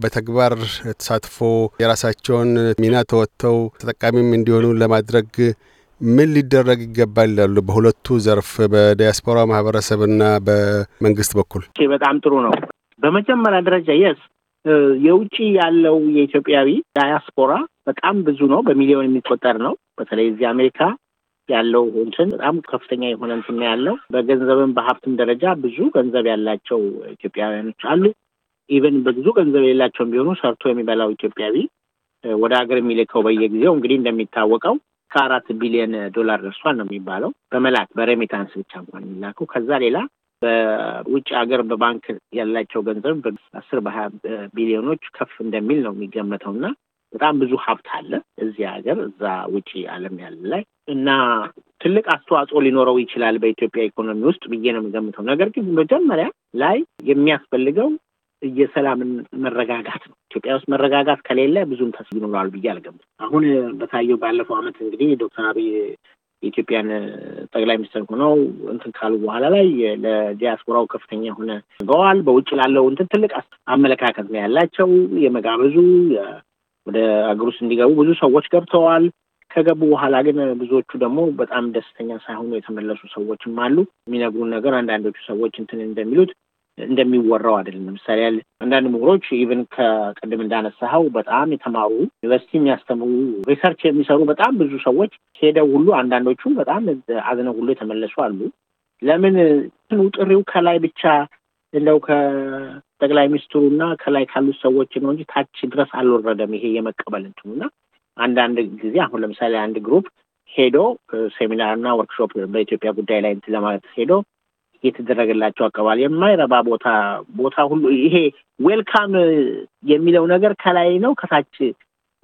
በተግባር ተሳትፎ የራሳቸውን ሚና ተወጥተው ተጠቃሚም እንዲሆኑ ለማድረግ ምን ሊደረግ ይገባል ይላሉ? በሁለቱ ዘርፍ በዲያስፖራ ማህበረሰብና በመንግስት በኩል በጣም ጥሩ ነው። በመጀመሪያ ደረጃ የስ የውጭ ያለው የኢትዮጵያዊ ዳያስፖራ በጣም ብዙ ነው፣ በሚሊዮን የሚቆጠር ነው። በተለይ እዚህ አሜሪካ ያለው እንትን በጣም ከፍተኛ የሆነ እንትን ያለው በገንዘብም በሀብትም ደረጃ ብዙ ገንዘብ ያላቸው ኢትዮጵያውያኖች አሉ። ኢቨን በብዙ ገንዘብ የሌላቸው ቢሆኑ ሰርቶ የሚበላው ኢትዮጵያዊ ወደ ሀገር የሚልከው በየጊዜው እንግዲህ እንደሚታወቀው እስከ አራት ቢሊዮን ዶላር ደርሷል ነው የሚባለው በመላክ በሬሚታንስ ብቻ እንኳን የሚላከው ከዛ ሌላ በውጭ ሀገር በባንክ ያላቸው ገንዘብ በአስር በሀያ ቢሊዮኖች ከፍ እንደሚል ነው የሚገመተው እና በጣም ብዙ ሀብት አለ እዚህ ሀገር እዛ ውጪ አለም ያለ ላይ እና ትልቅ አስተዋጽኦ ሊኖረው ይችላል በኢትዮጵያ ኢኮኖሚ ውስጥ ብዬ ነው የሚገምተው ነገር ግን መጀመሪያ ላይ የሚያስፈልገው የሰላምን መረጋጋት ነው። ኢትዮጵያ ውስጥ መረጋጋት ከሌለ ብዙም ተስፋ ይኖረዋል ብዬ አልገምትም። አሁን በታየው ባለፈው ዓመት እንግዲህ ዶክተር አብይ የኢትዮጵያን ጠቅላይ ሚኒስትር ሆነው እንትን ካሉ በኋላ ላይ ለዲያስፖራው ከፍተኛ የሆነ ገዋል በውጭ ላለው እንትን ትልቅ አመለካከት ነው ያላቸው። የመጋበዙ ወደ አገር ውስጥ እንዲገቡ ብዙ ሰዎች ገብተዋል። ከገቡ በኋላ ግን ብዙዎቹ ደግሞ በጣም ደስተኛ ሳይሆኑ የተመለሱ ሰዎችም አሉ። የሚነግሩን ነገር አንዳንዶቹ ሰዎች እንትን እንደሚሉት እንደሚወራው አይደለም። ለምሳሌ ያለ አንዳንድ ምሁሮች ኢቨን ከቅድም እንዳነሳኸው በጣም የተማሩ ዩኒቨርሲቲ የሚያስተምሩ ሪሰርች የሚሰሩ በጣም ብዙ ሰዎች ሄደው ሁሉ አንዳንዶቹ በጣም አዝነው ሁሉ የተመለሱ አሉ። ለምን ጥሪው ከላይ ብቻ እንደው ከጠቅላይ ሚኒስትሩ እና ከላይ ካሉት ሰዎች ነው እንጂ ታች ድረስ አልወረደም። ይሄ የመቀበል እንትኑ እና አንዳንድ ጊዜ አሁን ለምሳሌ አንድ ግሩፕ ሄዶ ሴሚናር እና ወርክሾፕ በኢትዮጵያ ጉዳይ ላይ ለማለት ሄዶ የተደረገላቸው አቀባል የማይረባ ቦታ ቦታ ሁሉ ይሄ ዌልካም የሚለው ነገር ከላይ ነው ከታች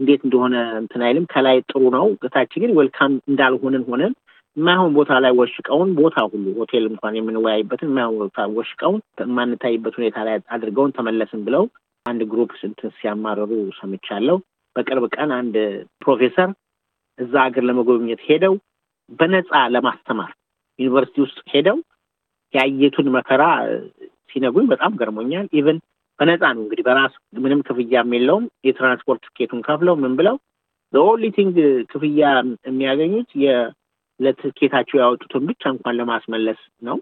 እንዴት እንደሆነ እንትን አይልም። ከላይ ጥሩ ነው፣ ከታች ግን ዌልካም እንዳልሆንን ሆነን የማይሆን ቦታ ላይ ወሽቀውን ቦታ ሁሉ ሆቴል እንኳን የምንወያይበትን የማይሆን ቦታ ወሽቀውን የማንታይበት ሁኔታ ላይ አድርገውን ተመለስን ብለው አንድ ግሩፕ እንትን ሲያማረሩ ሰምቻለሁ። በቅርብ ቀን አንድ ፕሮፌሰር እዛ ሀገር ለመጎብኘት ሄደው በነፃ ለማስተማር ዩኒቨርሲቲ ውስጥ ሄደው ያየቱን መከራ ሲነግሩኝ በጣም ገርሞኛል። ኢቨን በነፃ ነው እንግዲህ በራሱ ምንም ክፍያም የለውም። የትራንስፖርት ትኬቱን ከፍለው ምን ብለው በኦሊቲንግ ክፍያ የሚያገኙት ለትኬታቸው ያወጡትን ብቻ እንኳን ለማስመለስ ነው።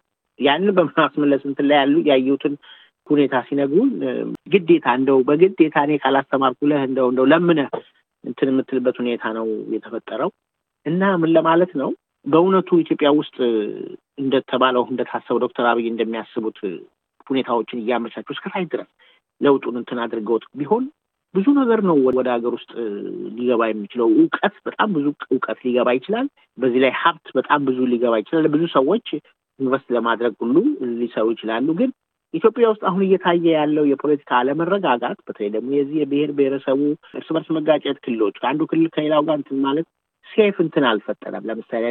ያንን በማስመለስ እንትን ላይ ያሉ ያየሁትን ሁኔታ ሲነግሩን ግዴታ እንደው በግዴታ እኔ ካላስተማርኩ ለህ እንደው እንደው ለምነ እንትን የምትልበት ሁኔታ ነው የተፈጠረው እና ምን ለማለት ነው በእውነቱ ኢትዮጵያ ውስጥ እንደተባለው እንደታሰበው ዶክተር አብይ እንደሚያስቡት ሁኔታዎችን እያመቻቹ እስከ ሳይት ድረስ ለውጡን እንትን አድርገውት ቢሆን ብዙ ነገር ነው ወደ ሀገር ውስጥ ሊገባ የሚችለው። እውቀት በጣም ብዙ እውቀት ሊገባ ይችላል። በዚህ ላይ ሀብት በጣም ብዙ ሊገባ ይችላል። ብዙ ሰዎች ኢንቨስት ለማድረግ ሁሉ ሊሰሩ ይችላሉ። ግን ኢትዮጵያ ውስጥ አሁን እየታየ ያለው የፖለቲካ አለመረጋጋት፣ በተለይ ደግሞ የዚህ የብሔር ብሔረሰቡ እርስ በርስ መጋጨት፣ ክልሎች ከአንዱ ክልል ከሌላው ጋር እንትን ማለት ሴፍ እንትን አልፈጠረም። ለምሳሌ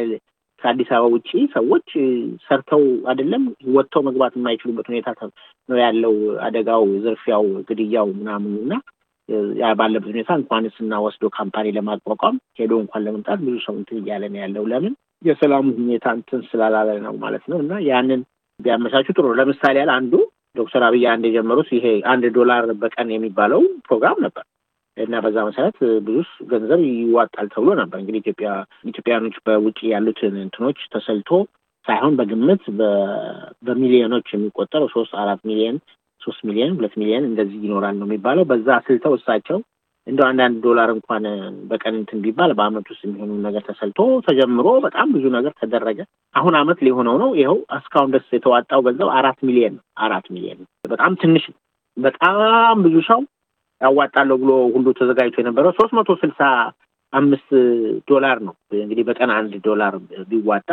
ከአዲስ አበባ ውጭ ሰዎች ሰርተው አይደለም ወጥተው መግባት የማይችሉበት ሁኔታ ነው ያለው። አደጋው፣ ዝርፊያው፣ ግድያው ምናምኑ እና ያ ባለበት ሁኔታ እንኳን ስና ወስዶ ካምፓኒ ለማቋቋም ሄዶ እንኳን ለመምጣት ብዙ ሰው እንትን እያለ ነው ያለው። ለምን የሰላሙ ሁኔታ እንትን ስላላለ ነው ማለት ነው። እና ያንን ቢያመቻቹ ጥሩ ነው። ለምሳሌ ያህል አንዱ ዶክተር አብይ አንድ የጀመሩት ይሄ አንድ ዶላር በቀን የሚባለው ፕሮግራም ነበር። እና በዛ መሰረት ብዙ ገንዘብ ይዋጣል ተብሎ ነበር። እንግዲህ ኢትዮጵያ ኢትዮጵያውያኖች በውጭ ያሉትን እንትኖች ተሰልቶ ሳይሆን በግምት በሚሊዮኖች የሚቆጠሩ ሶስት አራት ሚሊዮን ሶስት ሚሊዮን ሁለት ሚሊዮን እንደዚህ ይኖራል ነው የሚባለው። በዛ ስልተው እሳቸው እንደው አንዳንድ ዶላር እንኳን በቀን እንትን ቢባል በአመት ውስጥ የሚሆኑ ነገር ተሰልቶ ተጀምሮ በጣም ብዙ ነገር ተደረገ። አሁን አመት ሊሆነው ነው። ይኸው እስካሁን ደስ የተዋጣው ገንዘብ አራት ሚሊዮን አራት ሚሊዮን በጣም ትንሽ ነው። በጣም ብዙ ሰው ያዋጣለሁ ብሎ ሁሉ ተዘጋጅቶ የነበረው ሶስት መቶ ስልሳ አምስት ዶላር ነው። እንግዲህ በቀን አንድ ዶላር ቢዋጣ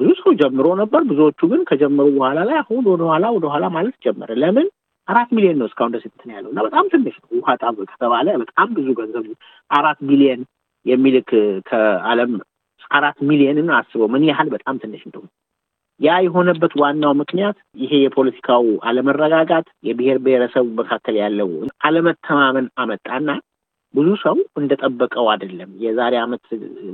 ብዙ ሰው ጀምሮ ነበር። ብዙዎቹ ግን ከጀመሩ በኋላ ላይ አሁን ወደኋላ ወደኋላ ማለት ጀመረ። ለምን አራት ሚሊዮን ነው እስካሁን ደስ እንትን ያለው እና በጣም ትንሽ ነው። ውሃ ጣ ከተባለ በጣም ብዙ ገንዘብ አራት ሚሊዮን የሚልክ ከዓለም አራት ሚሊዮንን አስበው ምን ያህል በጣም ትንሽ እንደሆነ ያ የሆነበት ዋናው ምክንያት ይሄ የፖለቲካው አለመረጋጋት የብሔር ብሔረሰቡ መካከል ያለው አለመተማመን አመጣና ብዙ ሰው እንደጠበቀው አይደለም። የዛሬ አመት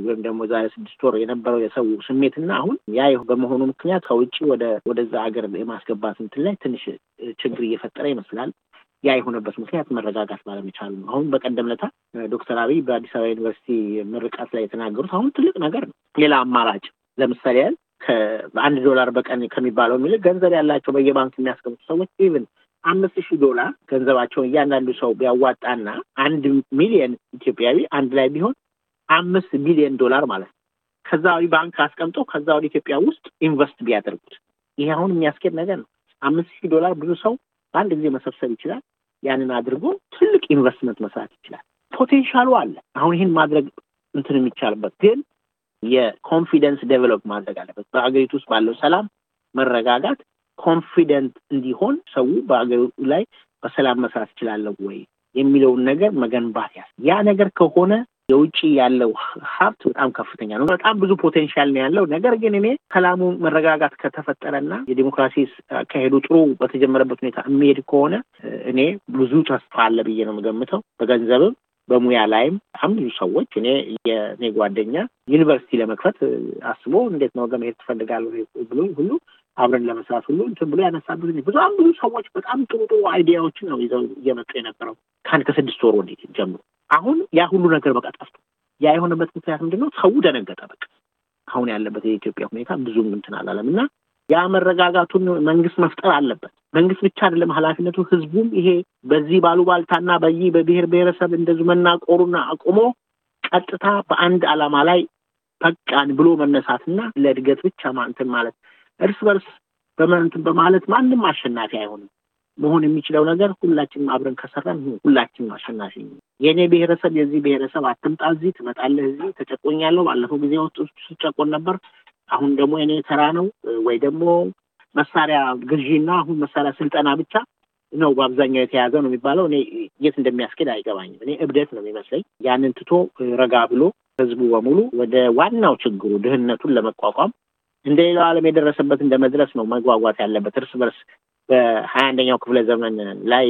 ወይም ደግሞ የዛሬ ስድስት ወር የነበረው የሰው ስሜትና አሁን ያ በመሆኑ ምክንያት ከውጭ ወደ ወደዛ ሀገር የማስገባት እንትን ላይ ትንሽ ችግር እየፈጠረ ይመስላል። ያ የሆነበት ምክንያት መረጋጋት ባለመቻሉ ነው። አሁን በቀደም ለታ ዶክተር አብይ በአዲስ አበባ ዩኒቨርሲቲ ምርቃት ላይ የተናገሩት አሁን ትልቅ ነገር ነው። ሌላ አማራጭ ለምሳሌ ያህል በአንድ ዶላር በቀን ከሚባለው የሚልቅ ገንዘብ ያላቸው በየባንክ የሚያስቀምጡ ሰዎች ኢቭን አምስት ሺህ ዶላር ገንዘባቸውን እያንዳንዱ ሰው ቢያዋጣና አንድ ሚሊየን ኢትዮጵያዊ አንድ ላይ ቢሆን አምስት ቢሊየን ዶላር ማለት ነው። ከዛ ባንክ አስቀምጦ ከዛ ወደ ኢትዮጵያ ውስጥ ኢንቨስት ቢያደርጉት ይሄ አሁን የሚያስኬድ ነገር ነው። አምስት ሺህ ዶላር ብዙ ሰው በአንድ ጊዜ መሰብሰብ ይችላል። ያንን አድርጎ ትልቅ ኢንቨስትመንት መስራት ይችላል። ፖቴንሻሉ አለ። አሁን ይህን ማድረግ እንትን የሚቻልበት ግን የኮንፊደንስ ዴቨሎፕ ማድረግ አለበት። በሀገሪቱ ውስጥ ባለው ሰላም መረጋጋት ኮንፊደንት እንዲሆን ሰው በሀገሪቱ ላይ በሰላም መስራት ይችላለሁ ወይ የሚለውን ነገር መገንባት ያስ ያ ነገር ከሆነ የውጭ ያለው ሀብት በጣም ከፍተኛ ነው። በጣም ብዙ ፖቴንሻል ነው ያለው። ነገር ግን እኔ ሰላሙ መረጋጋት ከተፈጠረና የዲሞክራሲ ከሄዱ ጥሩ በተጀመረበት ሁኔታ የሚሄድ ከሆነ እኔ ብዙ ተስፋ አለ ብዬ ነው የምገምተው በገንዘብም በሙያ ላይም በጣም ብዙ ሰዎች እኔ የኔ ጓደኛ ዩኒቨርሲቲ ለመክፈት አስቦ እንዴት ነው መሄድ ትፈልጋለህ ብሎ ሁሉ አብረን ለመስራት ሁሉ እንትን ብሎ ያነሳበት በጣም ብዙ ሰዎች በጣም ጥሩ ጥሩ አይዲያዎችን ነው ይዘው እየመጡ የነበረው ከአንድ ከስድስት ወር ወዴት ጀምሮ አሁን ያ ሁሉ ነገር በቃ ጠፍቶ ያ የሆነበት ምክንያት ምንድነው? ሰው ደነገጠ። በቃ አሁን ያለበት የኢትዮጵያ ሁኔታ ብዙም እንትን አላለም እና ያ መረጋጋቱን መንግስት መፍጠር አለበት። መንግስት ብቻ አይደለም ኃላፊነቱ ህዝቡም ይሄ በዚህ ባሉባልታና በዚህ በብሔር ብሔረሰብ እንደዚ መናቆሩና አቁሞ ቀጥታ በአንድ ዓላማ ላይ በቃን ብሎ መነሳትና ለእድገት ብቻ ማንትን ማለት እርስ በርስ በመንትን በማለት ማንም አሸናፊ አይሆንም። መሆን የሚችለው ነገር ሁላችንም አብረን ከሰራን ሁላችንም አሸናፊ። የእኔ ብሔረሰብ የዚህ ብሔረሰብ አትምጣ፣ እዚህ ትመጣለህ፣ እዚህ ተጨቆኛለሁ፣ ባለፈው ጊዜ ውስጥ ስጨቆን ነበር፣ አሁን ደግሞ የኔ ስራ ነው ወይ ደግሞ መሳሪያ ግዢና አሁን መሳሪያ ስልጠና ብቻ ነው በአብዛኛው የተያዘ ነው የሚባለው። እኔ የት እንደሚያስኬድ አይገባኝም። እኔ እብደት ነው የሚመስለኝ። ያንን ትቶ ረጋ ብሎ ህዝቡ በሙሉ ወደ ዋናው ችግሩ ድህነቱን ለመቋቋም እንደ ሌላው ዓለም የደረሰበት እንደ መድረስ ነው መጓጓት ያለበት። እርስ በርስ በሀያ አንደኛው ክፍለ ዘመን ላይ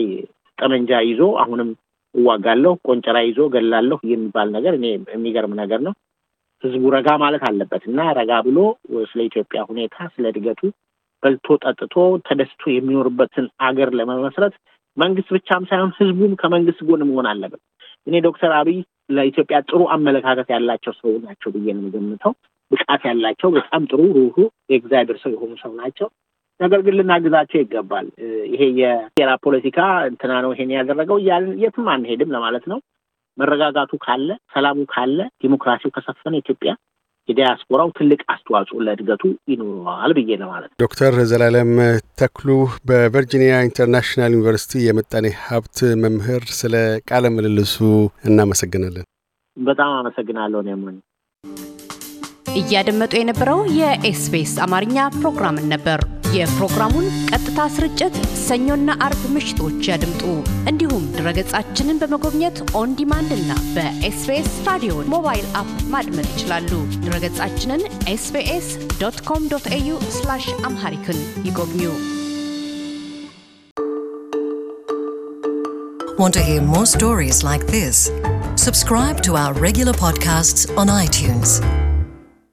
ጠመንጃ ይዞ አሁንም እዋጋለሁ፣ ቆንጨራ ይዞ ገላለሁ የሚባል ነገር እኔ የሚገርም ነገር ነው። ህዝቡ ረጋ ማለት አለበት እና ረጋ ብሎ ስለ ኢትዮጵያ ሁኔታ፣ ስለ እድገቱ በልቶ ጠጥቶ ተደስቶ የሚኖርበትን አገር ለመመስረት መንግስት ብቻም ሳይሆን ህዝቡም ከመንግስት ጎን መሆን አለበት። እኔ ዶክተር አብይ ለኢትዮጵያ ጥሩ አመለካከት ያላቸው ሰው ናቸው ብዬ ነው የምገምተው። ብቃት ያላቸው በጣም ጥሩ ሩሩ የእግዚአብሔር ሰው የሆኑ ሰው ናቸው። ነገር ግን ልናግዛቸው ይገባል። ይሄ የራ ፖለቲካ እንትና ነው ይሄን ያደረገው እያልን የትም አንሄድም ለማለት ነው። መረጋጋቱ ካለ፣ ሰላሙ ካለ፣ ዲሞክራሲው ከሰፈነ ኢትዮጵያ የዲያስፖራው ትልቅ አስተዋጽኦ ለእድገቱ ይኖረዋል ብዬ ማለት ነው። ዶክተር ዘላለም ተክሉ በቨርጂኒያ ኢንተርናሽናል ዩኒቨርሲቲ የምጣኔ ሀብት መምህር፣ ስለ ቃለ ምልልሱ እናመሰግናለን። በጣም አመሰግናለሁ። ነው እያደመጡ የነበረው የኤስቢኤስ አማርኛ ፕሮግራምን ነበር። የፕሮግራሙን ቀጥታ ስርጭት ሰኞና አርብ ምሽቶች ያድምጡ። እንዲሁም ድረገጻችንን በመጎብኘት ኦን ዲማንድ እና በኤስቤስ ራዲዮ ሞባይል አፕ ማድመጥ ይችላሉ። ድረገጻችንን ኤስቤስ ዶት ኮም ዶት ኤዩ አምሃሪክን ይጎብኙ። Want to hear more stories like this? Subscribe to our regular podcasts on iTunes.